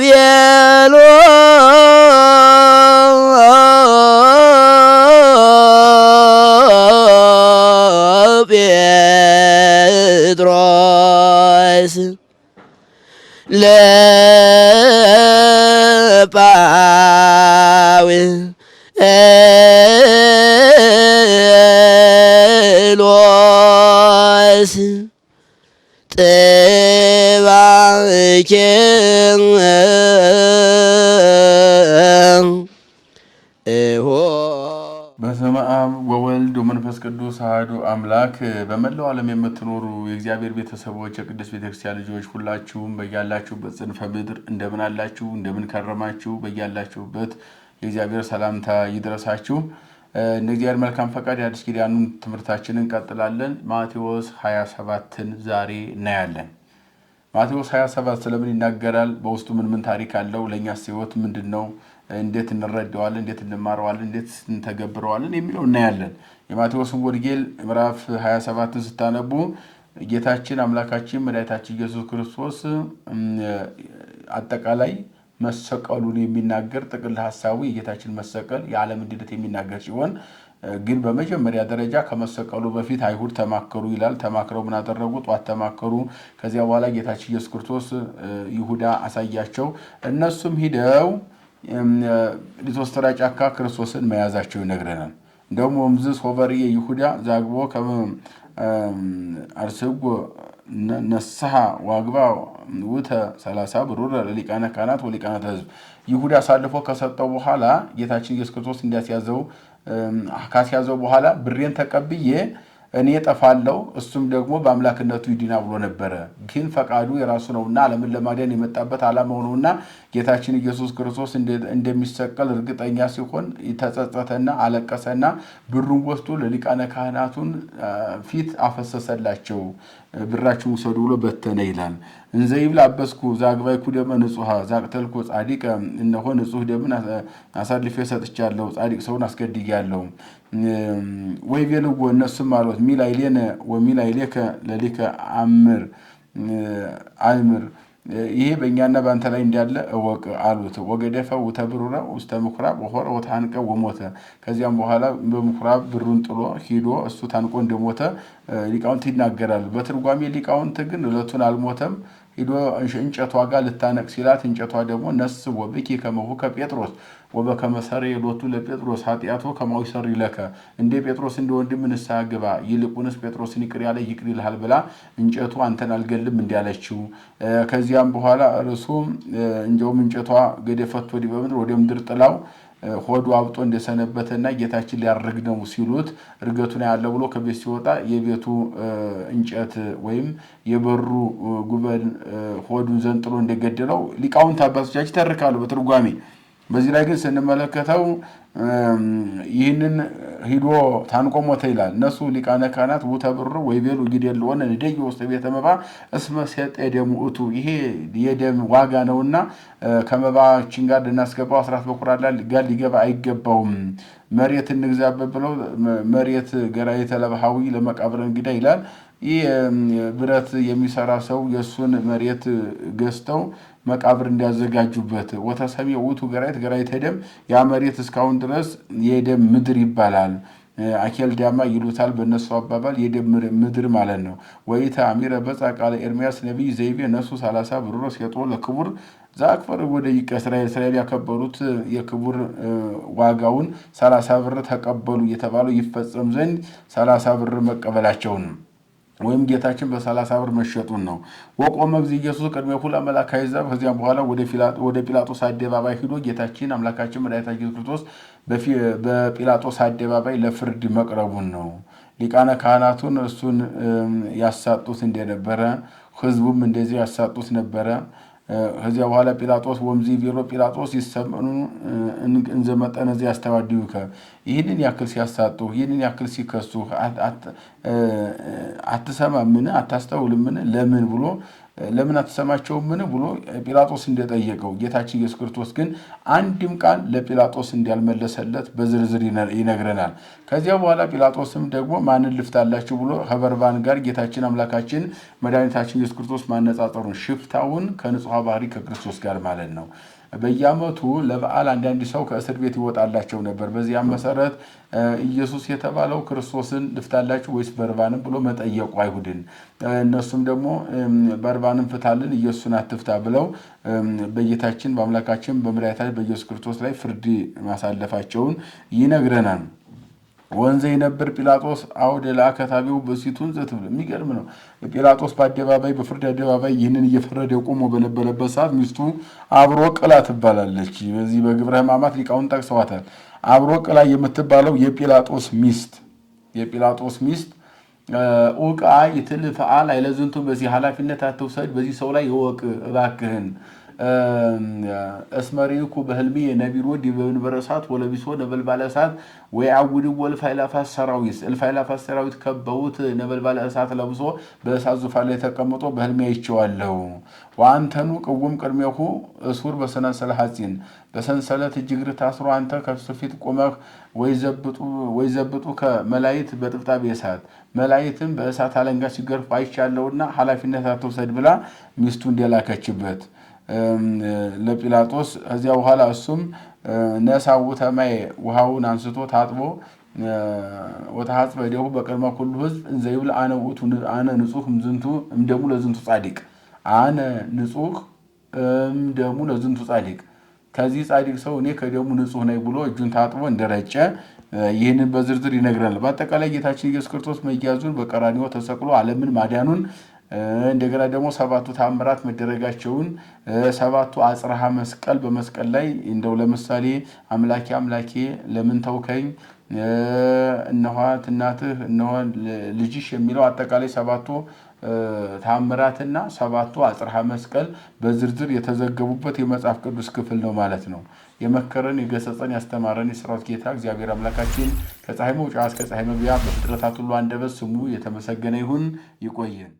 ቤሎ ጴጥሮስ ለጳዊ ሎስ ጥባኬ በአብ ወወልድ ወመንፈስ ቅዱስ አህዱ አምላክ በመላው ዓለም የምትኖሩ የእግዚአብሔር ቤተሰቦች የቅዱስ ቤተክርስቲያን ልጆች ሁላችሁም በያላችሁበት ጽንፈ ምድር እንደምን አላችሁ? እንደምን ከረማችሁ? በያላችሁበት የእግዚአብሔር ሰላምታ ይድረሳችሁ። እንደ እግዚአብሔር መልካም ፈቃድ የአዲስ ኪዳኑን ትምህርታችንን እንቀጥላለን። ማቴዎስ 27ን ዛሬ እናያለን። ማቴዎስ 27 ስለምን ይናገራል? በውስጡ ምን ምን ታሪክ አለው? ለእኛስ ሕይወት ምንድን ነው? እንዴት እንረዳዋለን፣ እንዴት እንማረዋለን፣ እንዴት እንተገብረዋለን የሚለው እናያለን። የማቴዎስ ወንጌል ምዕራፍ 27ን ስታነቡ ጌታችን አምላካችን መድኃኒታችን ኢየሱስ ክርስቶስ አጠቃላይ መሰቀሉን የሚናገር ጥቅል ሀሳቡ የጌታችን መሰቀል የዓለም እንድነት የሚናገር ሲሆን ግን በመጀመሪያ ደረጃ ከመሰቀሉ በፊት አይሁድ ተማከሩ ይላል። ተማክረው ምን አደረጉ? ጠዋት ተማከሩ። ከዚያ በኋላ ጌታችን ኢየሱስ ክርስቶስ ይሁዳ አሳያቸው። እነሱም ሂደው ሊቶስትራ ጫካ ክርስቶስን መያዛቸው ይነግረናል። እንደውም ወምዝስ ሶበርየ ይሁዳ ዛግቦ አርስጎ ነስሐ ዋግባ ውተ ሰላሳ ብሩር ለሊቃነ ካህናት ወሊቃናት ህዝብ ይሁዳ አሳልፎ ከሰጠው በኋላ ጌታችን ኢየሱስ ክርስቶስ እንዲያስያዘው ካስያዘው በኋላ ብሬን ተቀብዬ እኔ ጠፋለው እሱም ደግሞ በአምላክነቱ ይድና ብሎ ነበረ። ግን ፈቃዱ የራሱ ነውና ዓለምን ለማዳን የመጣበት ዓላማው ነውና ጌታችን ኢየሱስ ክርስቶስ እንደሚሰቀል እርግጠኛ ሲሆን ተጸጸተና አለቀሰና ብሩን ወስዶ ለሊቃነ ካህናቱን ፊት አፈሰሰላቸው። ብራችሁን ውሰዱ ብሎ በተነ ይላል። እንዘ ይብል አበስኩ ዛግባይኩ ደመ ንጹሐ ዛቅተልኮ ጻዲቀ እነሆ ንጹሕ ደምን አሳልፌ ሰጥቻለሁ፣ ጻዲቅ ሰውን አስገድያለሁ። ወይ ቤልዎ እነሱም አሉት ሚላይሌነ ወሚላይሌከ ለሊከ አምር አልምር ይሄ በእኛና በአንተ ላይ እንዳለ እወቅ አሉት። ወገደፈ ውተብሩረ ውስተ ምኩራብ ወሆረ ወታንቀ ወሞተ። ከዚያም በኋላ በምኩራብ ብሩን ጥሎ ሂዶ እሱ ታንቆ እንደሞተ ሊቃውንት ይናገራል በትርጓሜ ሊቃውንት ግን እለቱን አልሞተም ሂዶ እንጨቷ ጋር ልታነቅ ሲላት እንጨቷ ደግሞ ነስ ወብኪ ከመሁ ከጴጥሮስ ወበከመ ሰረየ ሎቱ ለጴጥሮስ ኃጢአቶ ከማዊ ይሰሪ ለከ፣ እንደ ጴጥሮስ እንደ ወንድም ንስሐ ግባ፣ ይልቁንስ ጴጥሮስን ይቅር ያለ ይቅር ይልሃል ብላ እንጨቱ አንተን አልገልም እንዲያለችው ከዚያም በኋላ እርሱ እንዲያውም እንጨቷ ገደፈት ወዲህ በምድር ወደ ምድር ጥላው ሆዱ አብጦ እንደሰነበተና ጌታችን ሊያርግ ነው ሲሉት እርገቱን ያለ ብሎ ከቤት ሲወጣ የቤቱ እንጨት ወይም የበሩ ጉበን ሆዱን ዘንጥሎ እንደገደለው ሊቃውንት አባቶቻችን ተርካሉ በትርጓሜ በዚህ ላይ ግን ስንመለከተው ይህንን ሂዶ ታንቆ ሞተ ይላል። እነሱ ሊቃነ ካህናት ውተብሩ ወይቤሉ ቤሉ ለሆነ ንደይ ውስጥ ቤተ መባ እስመ ሴጤ ደሙ እቱ ይሄ የደም ዋጋ ነውና ከመባችን ጋር ልናስገባው አስራት በኩራላ ጋር ሊገባ አይገባውም። መሬት እንግዛበት ብለው መሬት ገራ የተለብሃዊ ለመቃብረ እንግዳ ይላል። ይህ ብረት የሚሰራ ሰው የእሱን መሬት ገዝተው መቃብር እንዲያዘጋጁበት ወተሰሚ ውቱ ገራይት ገራይት ሄደም ያ መሬት እስካሁን ድረስ የደም ምድር ይባላል። አኬልዳማ ይሉታል በእነሱ አባባል የደም ምድር ማለት ነው። ወይታ አሚረ በጻ ቃለ ኤርሚያስ ነቢይ ዘይቤ ነሱ ሳላሳ ብሮ ሴጦ ለክቡር ዛክበር ወደ ይቀ እስራኤል እስራኤል ያከበሩት የክቡር ዋጋውን ሰላሳ ብር ተቀበሉ የተባለው ይፈጸም ዘንድ ሰላሳ ብር መቀበላቸውን ወይም ጌታችን በሰላሳ ብር መሸጡን ነው። ወቆመ እግዚእ ኢየሱስ ቅድሜ ኩለ መላካ ይዛብ። ከዚያም በኋላ ወደ ጲላጦስ አደባባይ ሂዶ ጌታችን አምላካችን መድኃኒታችን ኢየሱስ ክርስቶስ በጲላጦስ አደባባይ ለፍርድ መቅረቡን ነው። ሊቃነ ካህናቱን እሱን ያሳጡት እንደነበረ፣ ህዝቡም እንደዚህ ያሳጡት ነበረ። ከዚያ በኋላ ጲላጦስ ወምዚ ቢሮ ጲላጦስ ይሰመኑ እንዘመጠነ ዚ ያስተዋድዩከ ይህንን ያክል ሲያሳጡ ይህንን ያክል ሲከሱ አትሰማምን? አታስተውልምን? ለምን ብሎ ለምን ምን ብሎ ጲላጦስ እንደጠየቀው ጌታችን ኢየሱስ ክርስቶስ ግን አንድም ቃል ለጲላጦስ እንዳልመለሰለት በዝርዝር ይነግረናል። ከዚያ በኋላ ጲላጦስም ደግሞ ማንን ልፍታላችሁ ብሎ ከበርባን ጋር ጌታችን አምላካችን መድኃኒታችን ኢየሱስ ክርስቶስ ማነጻጠሩን ሽፍታውን ከንጹሐ ባህሪ ከክርስቶስ ጋር ማለት ነው በየዓመቱ ለበዓል አንዳንድ ሰው ከእስር ቤት ይወጣላቸው ነበር። በዚያም መሰረት ኢየሱስ የተባለው ክርስቶስን ልፍታላችሁ ወይስ በርባንም ብሎ መጠየቁ አይሁድን። እነሱም ደግሞ በርባንም ፍታልን ኢየሱስን አትፍታ ብለው በጌታችን በአምላካችን በመድኃኒታችን በኢየሱስ ክርስቶስ ላይ ፍርድ ማሳለፋቸውን ይነግረናል። ወንዘ የነበር ጲላጦስ አውደ ለአከታቢው በሲቱን ዘትብል። የሚገርም ነው። ጲላጦስ በአደባባይ በፍርድ አደባባይ ይህንን እየፈረደ ቆሞ በነበረበት ሰዓት ሚስቱ አብሮ ቅላ ትባላለች። በዚህ በግብረ ሕማማት ሊቃውን ጠቅሰዋታል። አብሮ ቅላ የምትባለው የጲላጦስ ሚስት የጲላጦስ ሚስት ውቃ ይትል ፈአል አይለዝንቱ በዚህ ኃላፊነት አትውሰድ፣ በዚህ ሰው ላይ ይወቅ እባክህን እስመሪኩ በህልሚ የነቢሮ ዲበንበረ እሳት ወለቢሶ ነበልባለ እሳት ወይአውድ ወልፋይላፋት ሰራዊት እልፋይላፋት ሰራዊት ከበውት ነበልባለ እሳት ለብሶ በእሳት ዙፋን ላይ ተቀምጦ በህልሜ አይቼዋለሁ። ወአንተኑ ቅውም ቅድሜሁ እሱር በሰንሰለ ሐፂን በሰንሰለት እጅግር ታስሮ አንተ ከሱ ፊት ቁመህ ወይዘብጡ ከመላይት በጥብጣብ እሳት መላይትም በእሳት አለንጋ ሲገርፉ አይቻለሁና ኃላፊነት አትውሰድ ብላ ሚስቱ እንደላከችበት ለጲላጦስ ከዚያ በኋላ እሱም ነሳ ተማይ ውሃውን አንስቶ ታጥቦ ወታሐጽ በደሁ በቅድመ ኩሉ ህዝብ እንዘይብል አነ ውእቱ አነ ንጹህ እምዝንቱ እምደሙ ለዝንቱ ጻዲቅ አነ ንጹህ እምደሙ ለዝንቱ ጻዲቅ ከዚህ ጻዲቅ ሰው እኔ ከደሙ ንጹህ ነኝ ብሎ እጁን ታጥቦ እንደረጨ ይህንን በዝርዝር ይነግረናል። በአጠቃላይ ጌታችን ኢየሱስ ክርስቶስ መያዙን በቀራንዮ ተሰቅሎ ዓለምን ማዳኑን እንደገና ደግሞ ሰባቱ ታምራት መደረጋቸውን ሰባቱ አጽርሃ መስቀል በመስቀል ላይ እንደው ለምሳሌ አምላኬ አምላኬ ለምን ተውከኝ እነኋት እናትህ እነሆ ልጅሽ የሚለው አጠቃላይ ሰባቱ ታምራትና ሰባቱ አጽርሃ መስቀል በዝርዝር የተዘገቡበት የመጽሐፍ ቅዱስ ክፍል ነው ማለት ነው። የመከረን የገሰጸን ያስተማረን የሰራዊት ጌታ እግዚአብሔር አምላካችን ከፀሐይ መውጫ እስከ ፀሐይ መግቢያ በፍጥረታት ሁሉ አንደበት ስሙ የተመሰገነ ይሁን። ይቆየን።